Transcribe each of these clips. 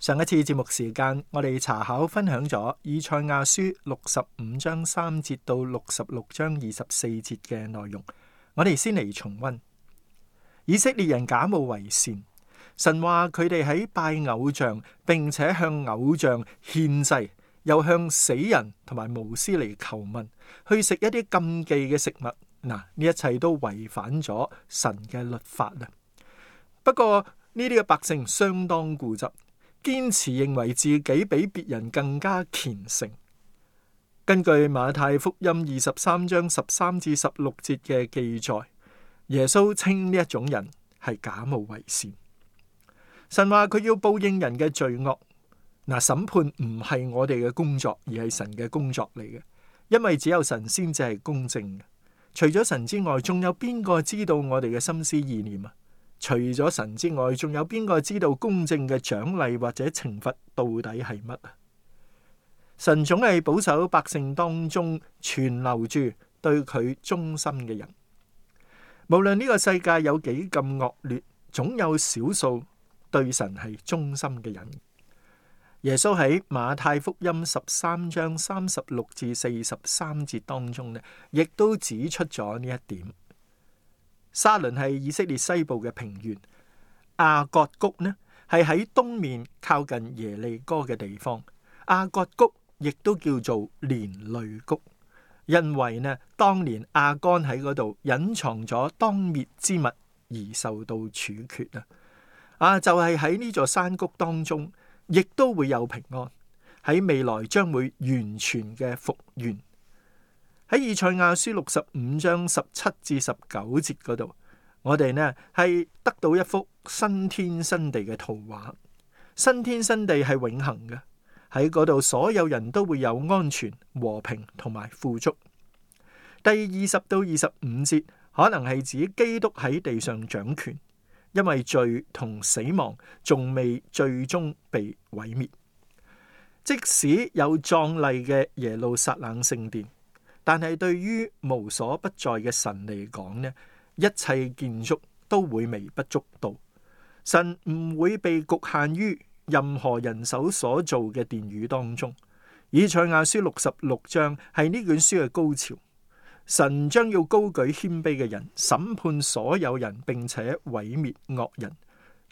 上一次節目時間，我哋查考分享咗《以賽亞書》六十五章三節到六十六章二十四節嘅內容。我哋先嚟重溫。以色列人假冒為善，神話佢哋喺拜偶像，並且向偶像獻祭，又向死人同埋巫師嚟求問，去食一啲禁忌嘅食物。嗱，呢一切都違反咗神嘅律法啊。不過呢啲嘅百姓相當固執。堅持認為自己比別人更加虔誠。根據馬太福音二十三章十三至十六節嘅記載，耶穌稱呢一種人係假冒為善。神話佢要報應人嘅罪惡，嗱，審判唔係我哋嘅工作，而係神嘅工作嚟嘅，因為只有神先至係公正嘅。除咗神之外，仲有邊個知道我哋嘅心思意念啊？除咗神之外，仲有邊個知道公正嘅獎勵或者懲罰到底係乜啊？神總係保守百姓當中存留住對佢忠心嘅人。無論呢個世界有幾咁惡劣，總有少數對神係忠心嘅人。耶穌喺馬太福音十三章三十六至四十三節當中呢，亦都指出咗呢一點。沙崙係以色列西部嘅平原，亞割谷呢係喺東面靠近耶利哥嘅地方。亞割谷亦都叫做連累谷，因為呢當年亞干喺嗰度隱藏咗當滅之物而受到處決啊！啊，就係喺呢座山谷當中，亦都會有平安，喺未來將會完全嘅復原。喺《以賽亞書》六十五章十七至十九節嗰度，我哋呢係得到一幅新天新地嘅圖畫。新天新地係永恒嘅，喺嗰度所有人都會有安全、和平同埋富足。第二十到二十五節可能係指基督喺地上掌權，因為罪同死亡仲未最終被毀滅。即使有壯麗嘅耶路撒冷聖殿。但係對於無所不在嘅神嚟講呢，一切建築都會微不足道。神唔會被局限於任何人手所做嘅殿宇當中。以賽亞書六十六章係呢卷書嘅高潮，神將要高舉謙卑嘅人，審判所有人，並且毀滅惡人，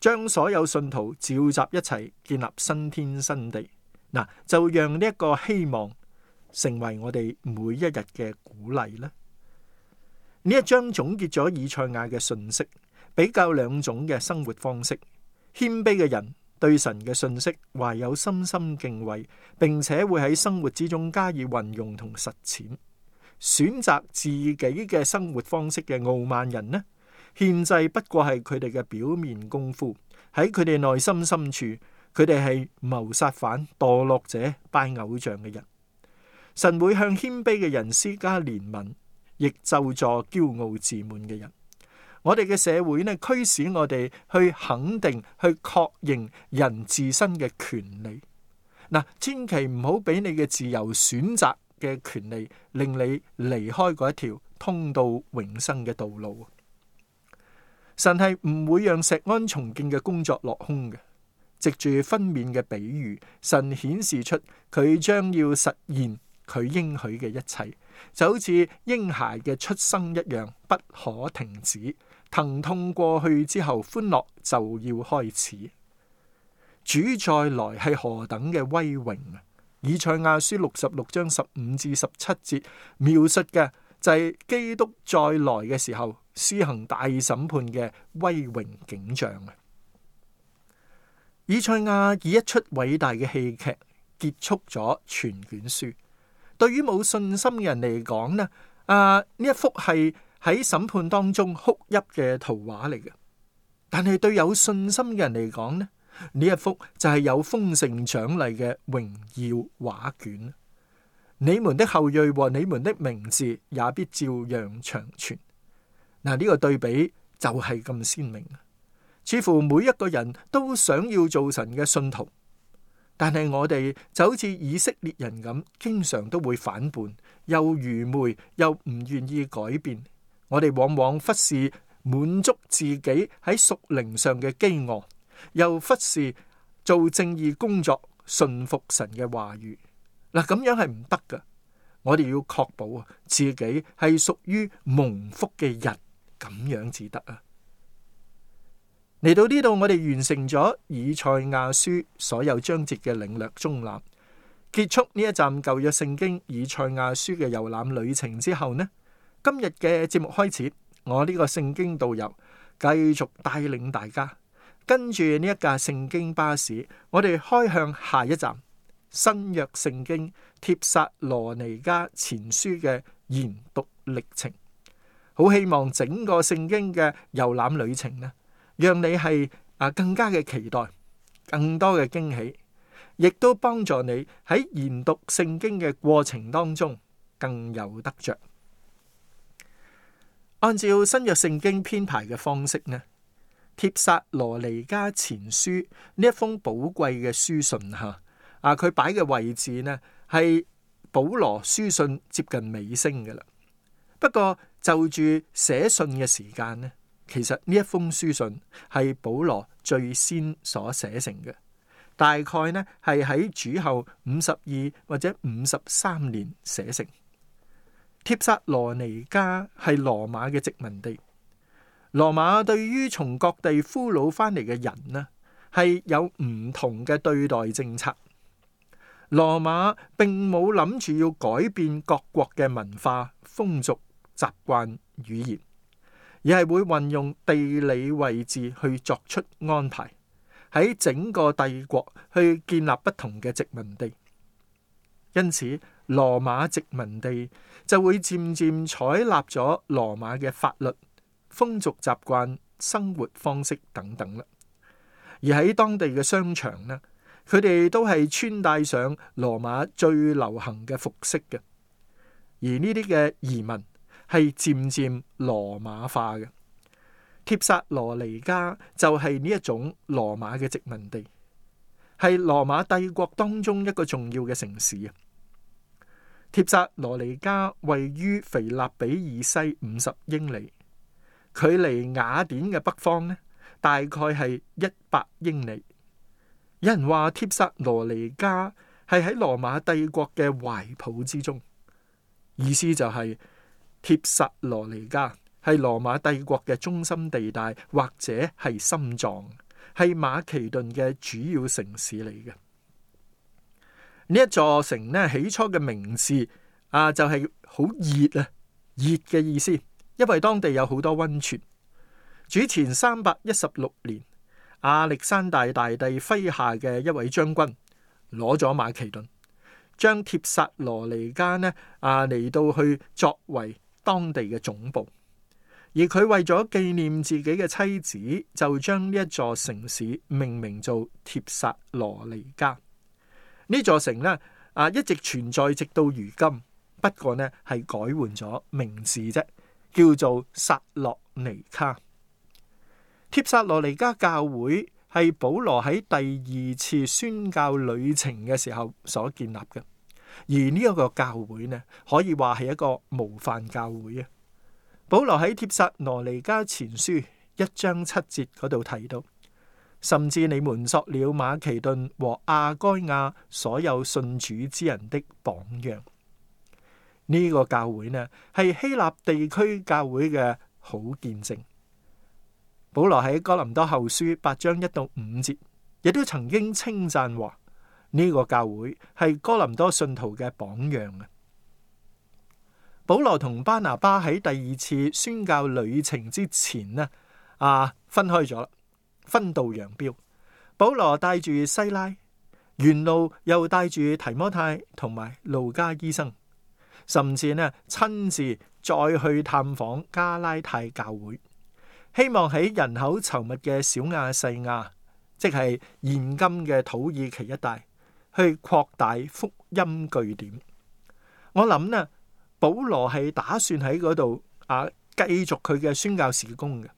將所有信徒召集一齊，建立新天新地。嗱，就讓呢一個希望，成為我哋每一日嘅鼓勵呢。呢一章總結咗以賽亞嘅信息，比較兩種嘅生活方式。謙卑嘅人對神嘅信息懷有深深敬畏，並且會喺生活之中加以運用同實踐。選擇自己嘅生活方式嘅傲慢人呢？獻祭不過係佢哋嘅表面功夫，喺佢哋內心深處，佢哋係謀殺犯、墮落者、拜偶像嘅人。神會向謙卑嘅人施加憐憫，亦就助驕傲自滿嘅人。我哋嘅社會咧，驅使我哋去肯定、去確認人自身嘅權利。嗱，千祈唔好俾你嘅自由選擇嘅權利令你離開嗰一條通到永生嘅道路。神係唔會讓錫安重建嘅工作落空嘅。藉住分娩嘅比喻，神顯示出佢將要實現。佢應許嘅一切就好似嬰孩嘅出生一樣，不可停止。疼痛過去之後，歡樂就要開始。主再來係何等嘅威榮啊！以賽亞書六十六章十五至十七節描述嘅就係基督再來嘅時候施行大審判嘅威榮景象啊！以賽亞以一出偉大嘅戲劇結束咗全卷書。對於冇信心嘅人嚟講咧，啊呢一幅係喺審判當中哭泣嘅圖畫嚟嘅；但係對有信心嘅人嚟講咧，呢一幅就係有豐盛獎勵嘅榮耀畫卷。你們的後裔和你們的名字也必照樣長存。嗱，呢個對比就係咁鮮明，似乎每一個人都想要做神嘅信徒。但係我哋就好似以色列人咁，經常都會反叛，又愚昧，又唔願意改變。我哋往往忽視滿足自己喺屬靈上嘅飢餓，又忽視做正義工作、順服神嘅話語。嗱，咁樣係唔得噶。我哋要確保啊，自己係屬於蒙福嘅人，咁樣至得啊。嚟到呢度，我哋完成咗以賽亞書所有章節嘅領略中覽。中立結束呢一站舊約聖經以賽亞書嘅遊覽旅程之後呢，今日嘅節目開始，我呢個聖經導遊繼續帶領大家跟住呢一架聖經巴士，我哋開向下一站新約聖經帖撒羅尼迦前書嘅研讀歷程。好希望整個聖經嘅遊覽旅程呢～讓你係啊更加嘅期待，更多嘅驚喜，亦都幫助你喺研讀聖經嘅過程當中更有得着。按照新約聖經編排嘅方式呢，帖撒羅尼迦前書呢一封寶貴嘅書信吓，啊佢擺嘅位置呢係保羅書信接近尾聲嘅啦。不過就住寫信嘅時間呢？其實呢一封書信係保羅最先所寫成嘅，大概呢係喺主後五十二或者五十三年寫成。帖撒羅尼迦係羅馬嘅殖民地，羅馬對於從各地俘虜翻嚟嘅人呢，係有唔同嘅對待政策。羅馬並冇諗住要改變各國嘅文化、風俗、習慣、語言。而係會運用地理位置去作出安排，喺整個帝國去建立不同嘅殖民地，因此羅馬殖民地就會漸漸採納咗羅馬嘅法律、風俗習慣、生活方式等等啦。而喺當地嘅商場呢，佢哋都係穿戴上羅馬最流行嘅服飾嘅，而呢啲嘅移民。係漸漸羅馬化嘅。帖撒羅尼迦就係呢一種羅馬嘅殖民地，係羅馬帝國當中一個重要嘅城市啊。帖撒羅尼迦位於腓立比以西五十英里，距離雅典嘅北方咧，大概係一百英里。有人話帖撒羅尼迦係喺羅馬帝國嘅懷抱之中，意思就係、是。鐵塞羅尼加係羅馬帝國嘅中心地帶，或者係心臟，係馬其頓嘅主要城市嚟嘅。呢一座城呢，起初嘅名字啊就係好熱啊，熱嘅意思，因為當地有好多溫泉。主前三百一十六年，亞歷山大大帝麾下嘅一位將軍攞咗馬其頓，將帖撒羅尼迦呢啊嚟到去作為。當地嘅總部，而佢為咗紀念自己嘅妻子，就將呢一座城市命名做帖撒羅尼迦。呢座城呢，啊一直存在直到如今，不過呢，係改換咗名字啫，叫做薩洛尼卡。帖撒羅尼迦教會係保羅喺第二次宣教旅程嘅時候所建立嘅。而呢一個教會呢，可以話係一個模範教會啊！保羅喺帖撒羅尼迦前書一章七節嗰度提到，甚至你們作了馬其頓和亞該亞所有信主之人的榜樣。呢個教會呢，係希臘地區教會嘅好見證。保羅喺哥林多後書八章一到五節，亦都曾經稱讚話。呢個教會係哥林多信徒嘅榜樣啊！保羅同巴拿巴喺第二次宣教旅程之前呢，啊分開咗，分道揚鑣。保羅帶住西拉，沿路又帶住提摩太同埋路加醫生，甚至呢親自再去探訪加拉太教會，希望喺人口稠密嘅小亞細亞，即係現今嘅土耳其一帶。去擴大福音據點，我諗呢，保羅係打算喺嗰度啊，繼續佢嘅宣教事工嘅，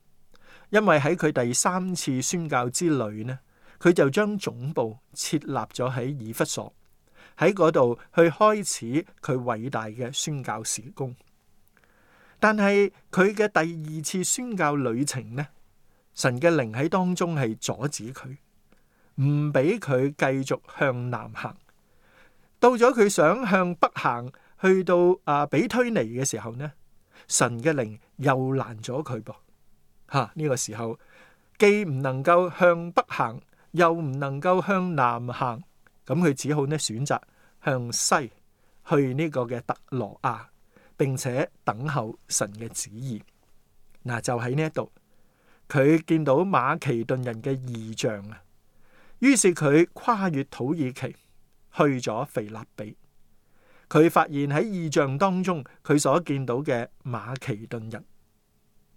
因為喺佢第三次宣教之旅呢，佢就將總部設立咗喺以弗所，喺嗰度去開始佢偉大嘅宣教事工。但係佢嘅第二次宣教旅程呢，神嘅靈喺當中係阻止佢。唔俾佢繼續向南行，到咗佢想向北行，去到啊庇推尼嘅時候呢，神嘅靈又攔咗佢噃，吓、啊、呢、這個時候既唔能夠向北行，又唔能夠向南行，咁佢只好呢選擇向西去呢個嘅特羅亞，並且等候神嘅旨意。嗱、啊，就喺呢一度，佢見到馬其頓人嘅異象啊！於是佢跨越土耳其去咗腓立比，佢發現喺異象當中，佢所見到嘅馬其頓人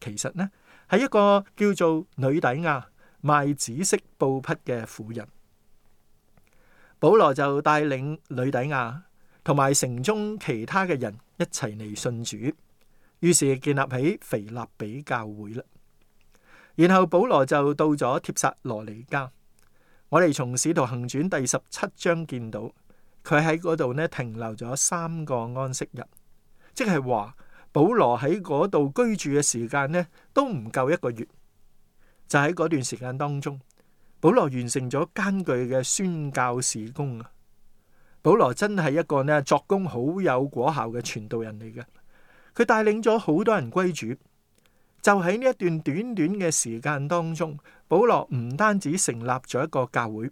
其實呢係一個叫做女底亞賣紫色布匹嘅婦人。保羅就帶領女底亞同埋城中其他嘅人一齊嚟信主，於是建立起腓立比教會啦。然後保羅就到咗帖撒羅尼迦。我哋從《使徒行傳》第十七章見到佢喺嗰度呢停留咗三個安息日，即係話保羅喺嗰度居住嘅時間呢都唔夠一個月，就喺嗰段時間當中，保羅完成咗艱巨嘅宣教事工。啊！保羅真係一個呢作工好有果效嘅傳道人嚟嘅，佢帶領咗好多人歸主。就喺呢一段短短嘅時間當中，保羅唔單止成立咗一個教會，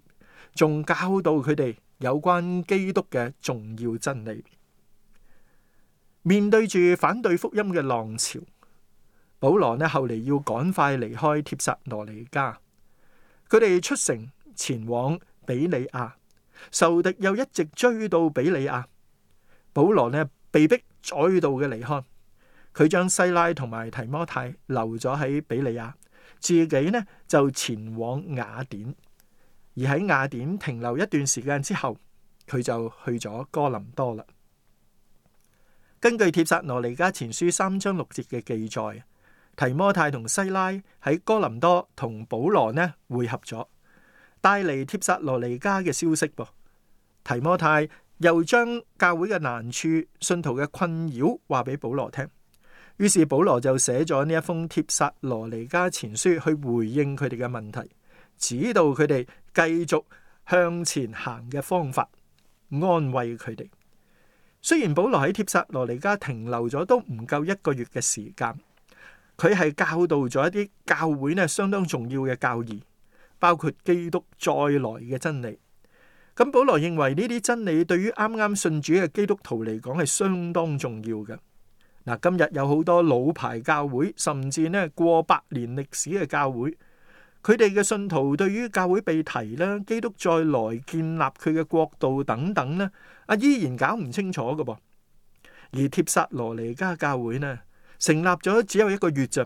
仲教導佢哋有關基督嘅重要真理。面對住反對福音嘅浪潮，保羅呢後嚟要趕快離開帖撒羅尼加，佢哋出城前往比利亞，仇敵又一直追到比利亞，保羅呢被逼再度嘅離開。佢將西拉同埋提摩太留咗喺比利亞，自己呢就前往雅典，而喺雅典停留一段時間之後，佢就去咗哥林多啦。根據帖撒羅尼迦前書三章六節嘅記載，提摩太同西拉喺哥林多同保羅呢會合咗，帶嚟帖撒羅尼迦嘅消息噃。提摩太又將教會嘅難處、信徒嘅困擾話俾保羅聽。於是保羅就寫咗呢一封帖撒羅尼迦前書去回應佢哋嘅問題，指導佢哋繼續向前行嘅方法，安慰佢哋。雖然保羅喺帖撒羅尼迦停留咗都唔夠一個月嘅時間，佢係教導咗一啲教會呢相當重要嘅教義，包括基督再來嘅真理。咁保羅認為呢啲真理對於啱啱信主嘅基督徒嚟講係相當重要嘅。嗱，今日有好多老牌教會，甚至咧過百年歷史嘅教會，佢哋嘅信徒對於教會被提啦、基督再來建立佢嘅國度等等咧，啊依然搞唔清楚㗎噃。而帖撒羅尼迦教會呢，成立咗只有一個月咋，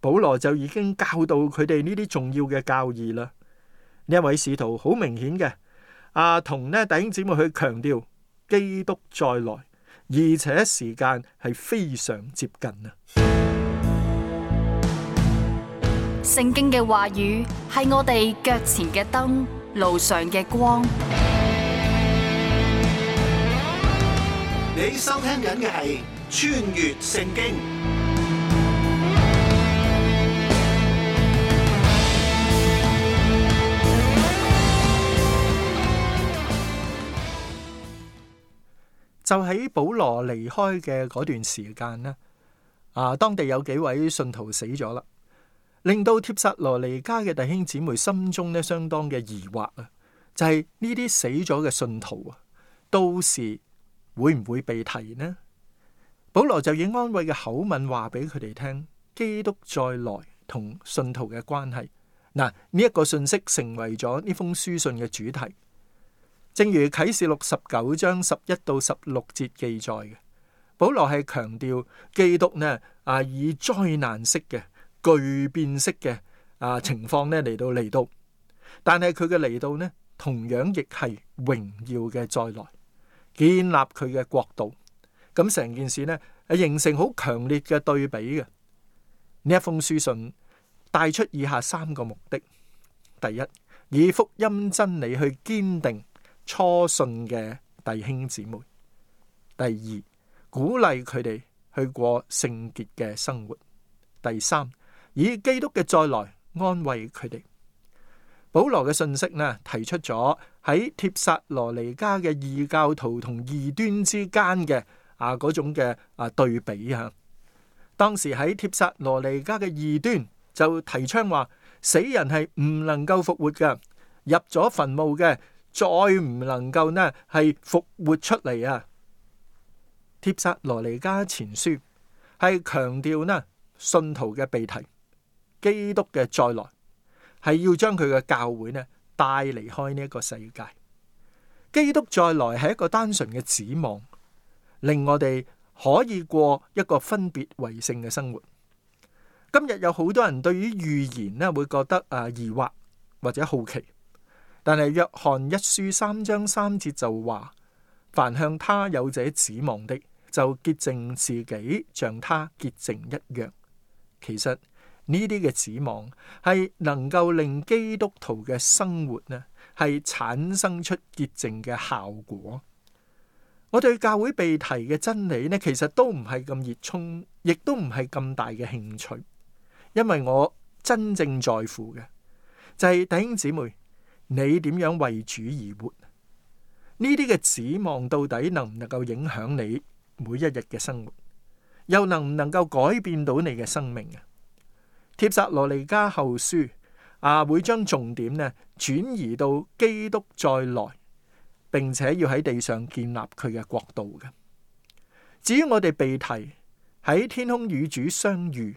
保羅就已經教導佢哋呢啲重要嘅教義啦。呢一位使徒好明顯嘅，啊同咧弟兄姊妹去強調基督再來。而且時間係非常接近啊！聖經嘅話語係我哋腳前嘅燈，路上嘅光。你收聽緊嘅係穿越聖經。就喺保羅離開嘅嗰段時間呢啊，當地有幾位信徒死咗啦，令到帖撒羅尼迦嘅弟兄姊妹心中呢相當嘅疑惑啊，就係呢啲死咗嘅信徒啊，到時會唔會被提呢？保羅就以安慰嘅口吻話俾佢哋聽，基督再來同信徒嘅關係。嗱，呢一個訊息成為咗呢封書信嘅主題。正如啟示錄十九章十一到十六節記載嘅，保羅係強調基督呢啊，以災難式嘅、巨變式嘅啊情況呢嚟到，嚟到，但係佢嘅嚟到呢同樣亦係榮耀嘅再來，建立佢嘅國度。咁成件事呢，形成好強烈嘅對比嘅。呢一封書信帶出以下三個目的：第一，以福音真理去堅定初信嘅弟兄姊妹，第二，鼓勵佢哋去過聖潔嘅生活；第三，以基督嘅再來安慰佢哋。保羅嘅信息呢，提出咗喺帖撒羅尼迦嘅異教徒同異端之間嘅啊嗰種嘅啊對比啊。當時喺帖撒羅尼迦嘅異端就提倡話，死人係唔能夠復活噶，入咗墳墓嘅。再唔能夠呢，係復活出嚟啊。帖撒羅尼迦前書係強調呢，信徒嘅被提，基督嘅再來係要將佢嘅教會呢帶離開呢一個世界。基督再來係一個單純嘅指望，令我哋可以過一個分別為聖嘅生活。今日有好多人對於預言呢會覺得啊、呃、疑惑或者好奇。但係，約翰一書三章三節就話：凡向他有者指望的，就潔淨自己，像他潔淨一樣。其實呢啲嘅指望係能夠令基督徒嘅生活呢係產生出潔淨嘅效果。我對教會被提嘅真理呢，其實都唔係咁熱衷，亦都唔係咁大嘅興趣，因為我真正在乎嘅就係、是、弟兄姊妹。你點樣為主而活？呢啲嘅指望到底能唔能夠影響你每一日嘅生活？又能唔能夠改變到你嘅生命啊？帖撒羅尼迦後書啊，會將重點呢轉移到基督再來，並且要喺地上建立佢嘅國度嘅。至於我哋被提喺天空與主相遇。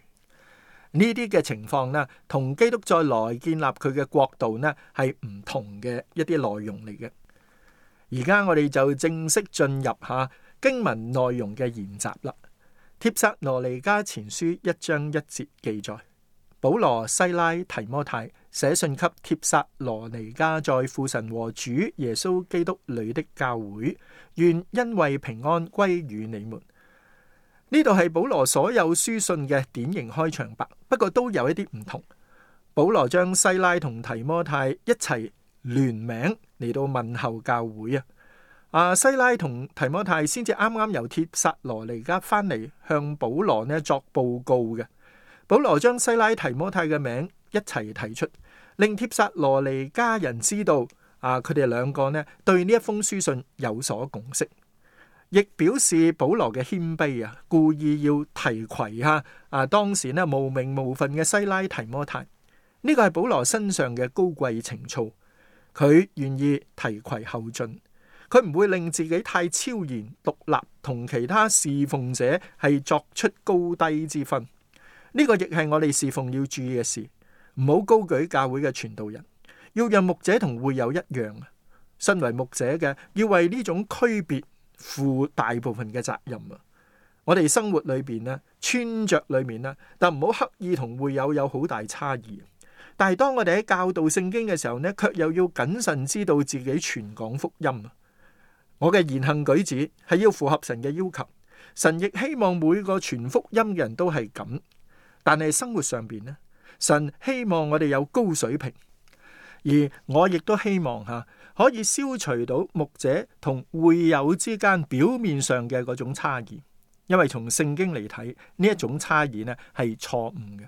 呢啲嘅情況呢，同基督再來建立佢嘅國度呢係唔同嘅一啲內容嚟嘅。而家我哋就正式進入下經文內容嘅研習啦。帖撒羅尼迦前書一章一節記載：保羅、西拉、提摩太寫信給帖撒羅尼迦在父神和主耶穌基督裏的教會，願恩惠平安歸與你們。呢度係保羅所有書信嘅典型開場白，不過都有一啲唔同。保羅將西拉同提摩太一齊聯名嚟到問候教會啊！阿西拉同提摩太先至啱啱由帖撒羅尼迦返嚟向保羅呢作報告嘅。保羅將西拉提摩太嘅名一齊提出，令帖撒羅尼迦人知道啊！佢哋兩個呢對呢一封書信有所共識。亦表示保羅嘅謙卑啊，故意要提攜下啊當時呢無名無份嘅西拉提摩太，呢個係保羅身上嘅高貴情操。佢願意提攜後進，佢唔會令自己太超然獨立，同其他侍奉者係作出高低之分。呢個亦係我哋侍奉要注意嘅事，唔好高舉教會嘅傳道人，要讓牧者同會友一樣。身為牧者嘅，要為呢種區別負大部分嘅責任啊！我哋生活裏邊咧，穿着裏面咧，但唔好刻意同會友有好大差異。但係當我哋喺教導聖經嘅時候呢，卻又要謹慎知道自己傳講福音啊！我嘅言行舉止係要符合神嘅要求，神亦希望每個傳福音嘅人都係咁。但係生活上邊呢，神希望我哋有高水平，而我亦都希望吓。可以消除到牧者同會友之間表面上嘅嗰種差異，因為從聖經嚟睇呢一種差異呢係錯誤嘅。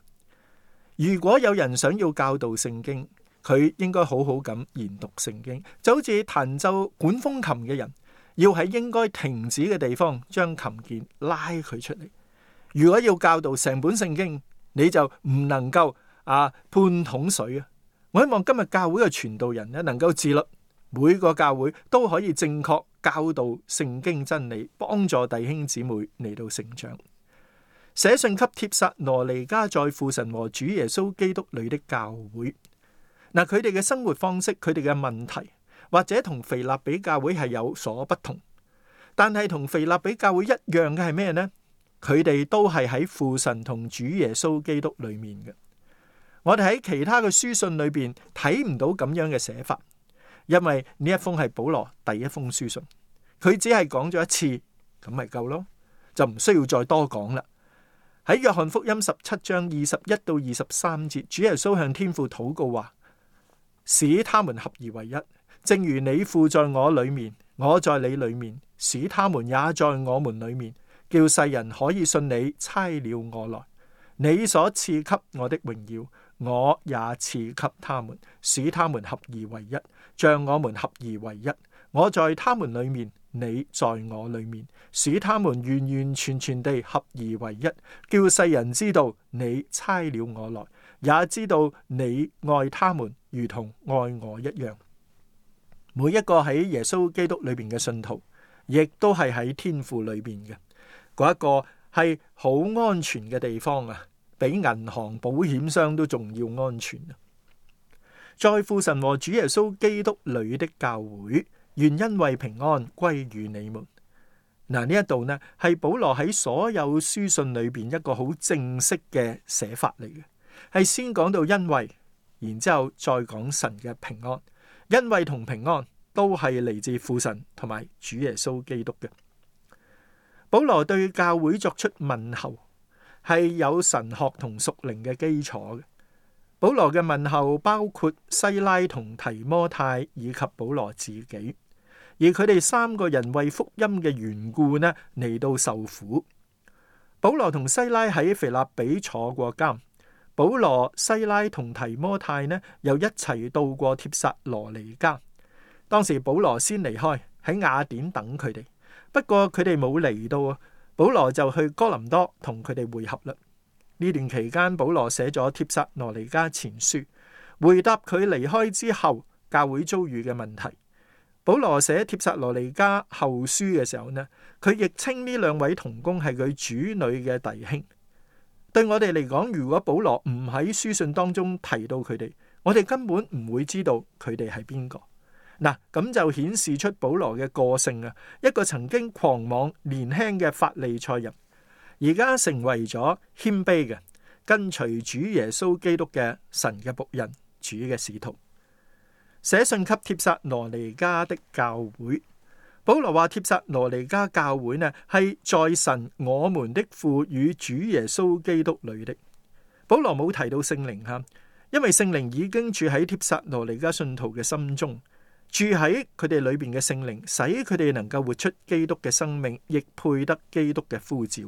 如果有人想要教導聖經，佢應該好好咁研讀聖經，就好似彈奏管風琴嘅人，要喺應該停止嘅地方將琴鍵拉佢出嚟。如果要教導成本聖經，你就唔能夠啊半桶水啊！我希望今日教會嘅傳道人呢能夠自律。每個教會都可以正確教導聖經真理，幫助弟兄姊妹嚟到成長。寫信給帖撒羅尼迦在父神和主耶穌基督裡的教會，嗱，佢哋嘅生活方式，佢哋嘅問題，或者同腓立比教會係有所不同，但係同腓立比教會一樣嘅係咩呢？佢哋都係喺父神同主耶穌基督裡面嘅。我哋喺其他嘅書信裡邊睇唔到咁樣嘅寫法。因為呢一封係保羅第一封書信，佢只係講咗一次，咁咪夠咯，就唔需要再多講啦。喺約翰福音十七章二十一到二十三節，主耶穌向天父禱告話：「使他們合而為一，正如你父在我裏面，我在你裏面，使他們也在我們裏面，叫世人可以信你，差了我來，你所賜給我的榮耀。我也賜給他們，使他們合而為一，像我們合而為一。我在他們裏面，你在我裏面，使他們完完全全地合而為一，叫世人知道你差了我來，也知道你愛他們如同愛我一樣。每一個喺耶穌基督裏邊嘅信徒，亦都係喺天父裏邊嘅。嗰一個係好安全嘅地方啊！比銀行、保險箱都仲要安全啊！在父神和主耶穌基督裏的教會，願恩惠平安歸於你們。嗱，呢一度呢係保羅喺所有書信裏邊一個好正式嘅寫法嚟嘅，係先講到恩惠，然之後再講神嘅平安。恩惠同平安都係嚟自父神同埋主耶穌基督嘅。保羅對教會作出問候。係有神學同屬靈嘅基礎嘅。保羅嘅問候包括西拉同提摩太以及保羅自己，而佢哋三個人為福音嘅緣故呢嚟到受苦。保羅同西拉喺腓立比坐過監，保羅、西拉同提摩太呢又一齊到過帖撒羅尼加。當時保羅先離開，喺雅典等佢哋，不過佢哋冇嚟到啊。保羅就去哥林多同佢哋會合啦。呢段期間，保羅寫咗帖撒羅尼加前書，回答佢離開之後教會遭遇嘅問題。保羅寫帖撒羅尼加後書嘅時候呢，佢亦稱呢兩位同工係佢主女嘅弟兄。對我哋嚟講，如果保羅唔喺書信當中提到佢哋，我哋根本唔會知道佢哋係邊個。嗱，咁就顯示出保羅嘅個性啊。一個曾經狂妄年輕嘅法利賽人，而家成為咗謙卑嘅跟隨主耶穌基督嘅神嘅僕人、主嘅使徒。寫信給帖撒羅尼迦的教會，保羅話：帖撒羅尼迦教會呢係在神我們的父與主耶穌基督裏的。保羅冇提到聖靈哈，因為聖靈已經住喺帖撒羅尼迦信徒嘅心中。住喺佢哋裏邊嘅聖靈，使佢哋能夠活出基督嘅生命，亦配得基督嘅呼召。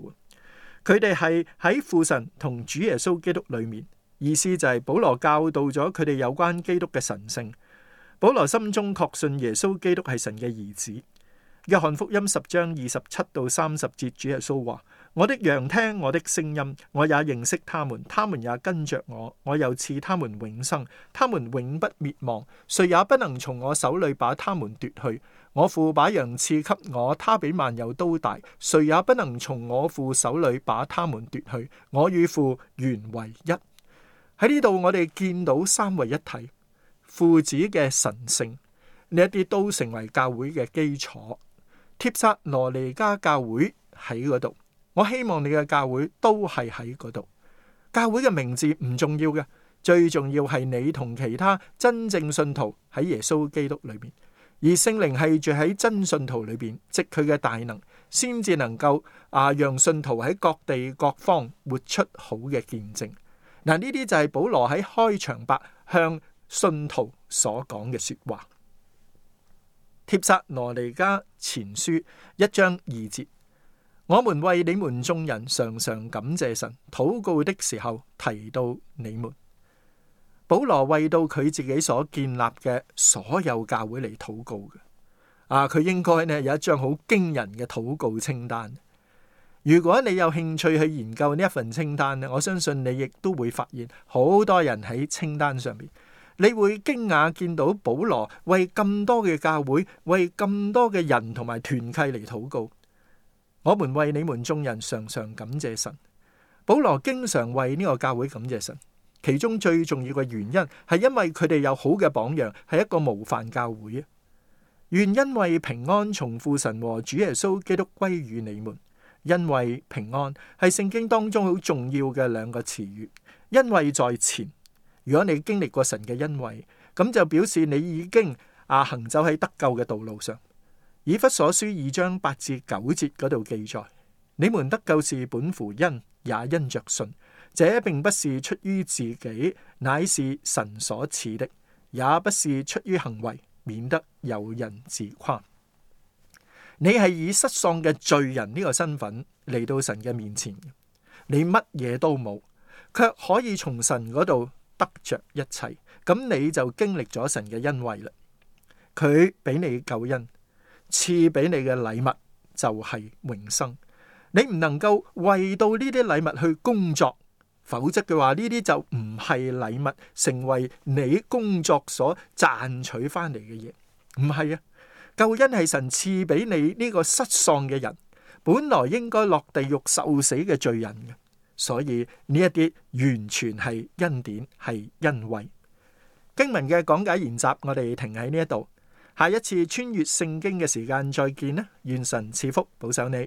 佢哋係喺父神同主耶穌基督裏面，意思就係保羅教導咗佢哋有關基督嘅神性。保羅心中確信耶穌基督係神嘅兒子。約翰福音十章二十七到三十節：主耶穌話：我的羊聽我的聲音，我也認識他們，他們也跟着我。我又賜他們永生，他們永不滅亡，誰也不能從我手裏把他們奪去。我父把羊賜給我，他比萬有都大，誰也不能從我父手裏把他們奪去。我與父原為一。喺呢度，我哋見到三位一體、父子嘅神性呢一啲，都成為教會嘅基礎。帖撒羅尼迦教會喺嗰度，我希望你嘅教會都係喺嗰度。教會嘅名字唔重要嘅，最重要係你同其他真正信徒喺耶穌基督裏邊，而聖靈係住喺真信徒裏邊，即佢嘅大能，先至能夠啊讓信徒喺各地各方活出好嘅見證。嗱，呢啲就係保羅喺開場白向信徒所講嘅說話。帖撒羅尼迦前書一章二節，我們為你們眾人常常感謝神，禱告的時候提到你們。保羅為到佢自己所建立嘅所有教會嚟禱告嘅，啊，佢應該呢有一張好驚人嘅禱告清單。如果你有興趣去研究呢一份清單呢，我相信你亦都會發現好多人喺清單上面。你會驚訝見到保羅為咁多嘅教會、為咁多嘅人同埋團契嚟禱告。我們為你們眾人常常感謝神。保羅經常為呢個教會感謝神，其中最重要嘅原因係因為佢哋有好嘅榜樣，係一個模範教會啊。願恩惠平安從父神和主耶穌基督歸於你們。恩惠平安係聖經當中好重要嘅兩個詞語。恩惠在前。如果你經歷過神嘅恩惠，咁就表示你已經啊行走喺得救嘅道路上。以弗所書二章八至九節嗰度記載：你們得救是本乎恩，也因着信。這並不是出於自己，乃是神所賜的；也不是出於行為，免得有人自誇。你係以失喪嘅罪人呢個身份嚟，到神嘅面前，你乜嘢都冇，卻可以從神嗰度。得着一切，咁你就經歷咗神嘅恩惠啦。佢俾你救恩，賜俾你嘅禮物就係永生。你唔能夠為到呢啲禮物去工作，否則嘅話呢啲就唔係禮物，成為你工作所賺取翻嚟嘅嘢。唔係啊，救恩係神賜俾你呢個失喪嘅人，本來應該落地獄受死嘅罪人嘅。所以呢一啲完全係恩典，係恩惠。經文嘅講解研習，我哋停喺呢一度。下一次穿越聖經嘅時間再見啦！願神賜福保守你。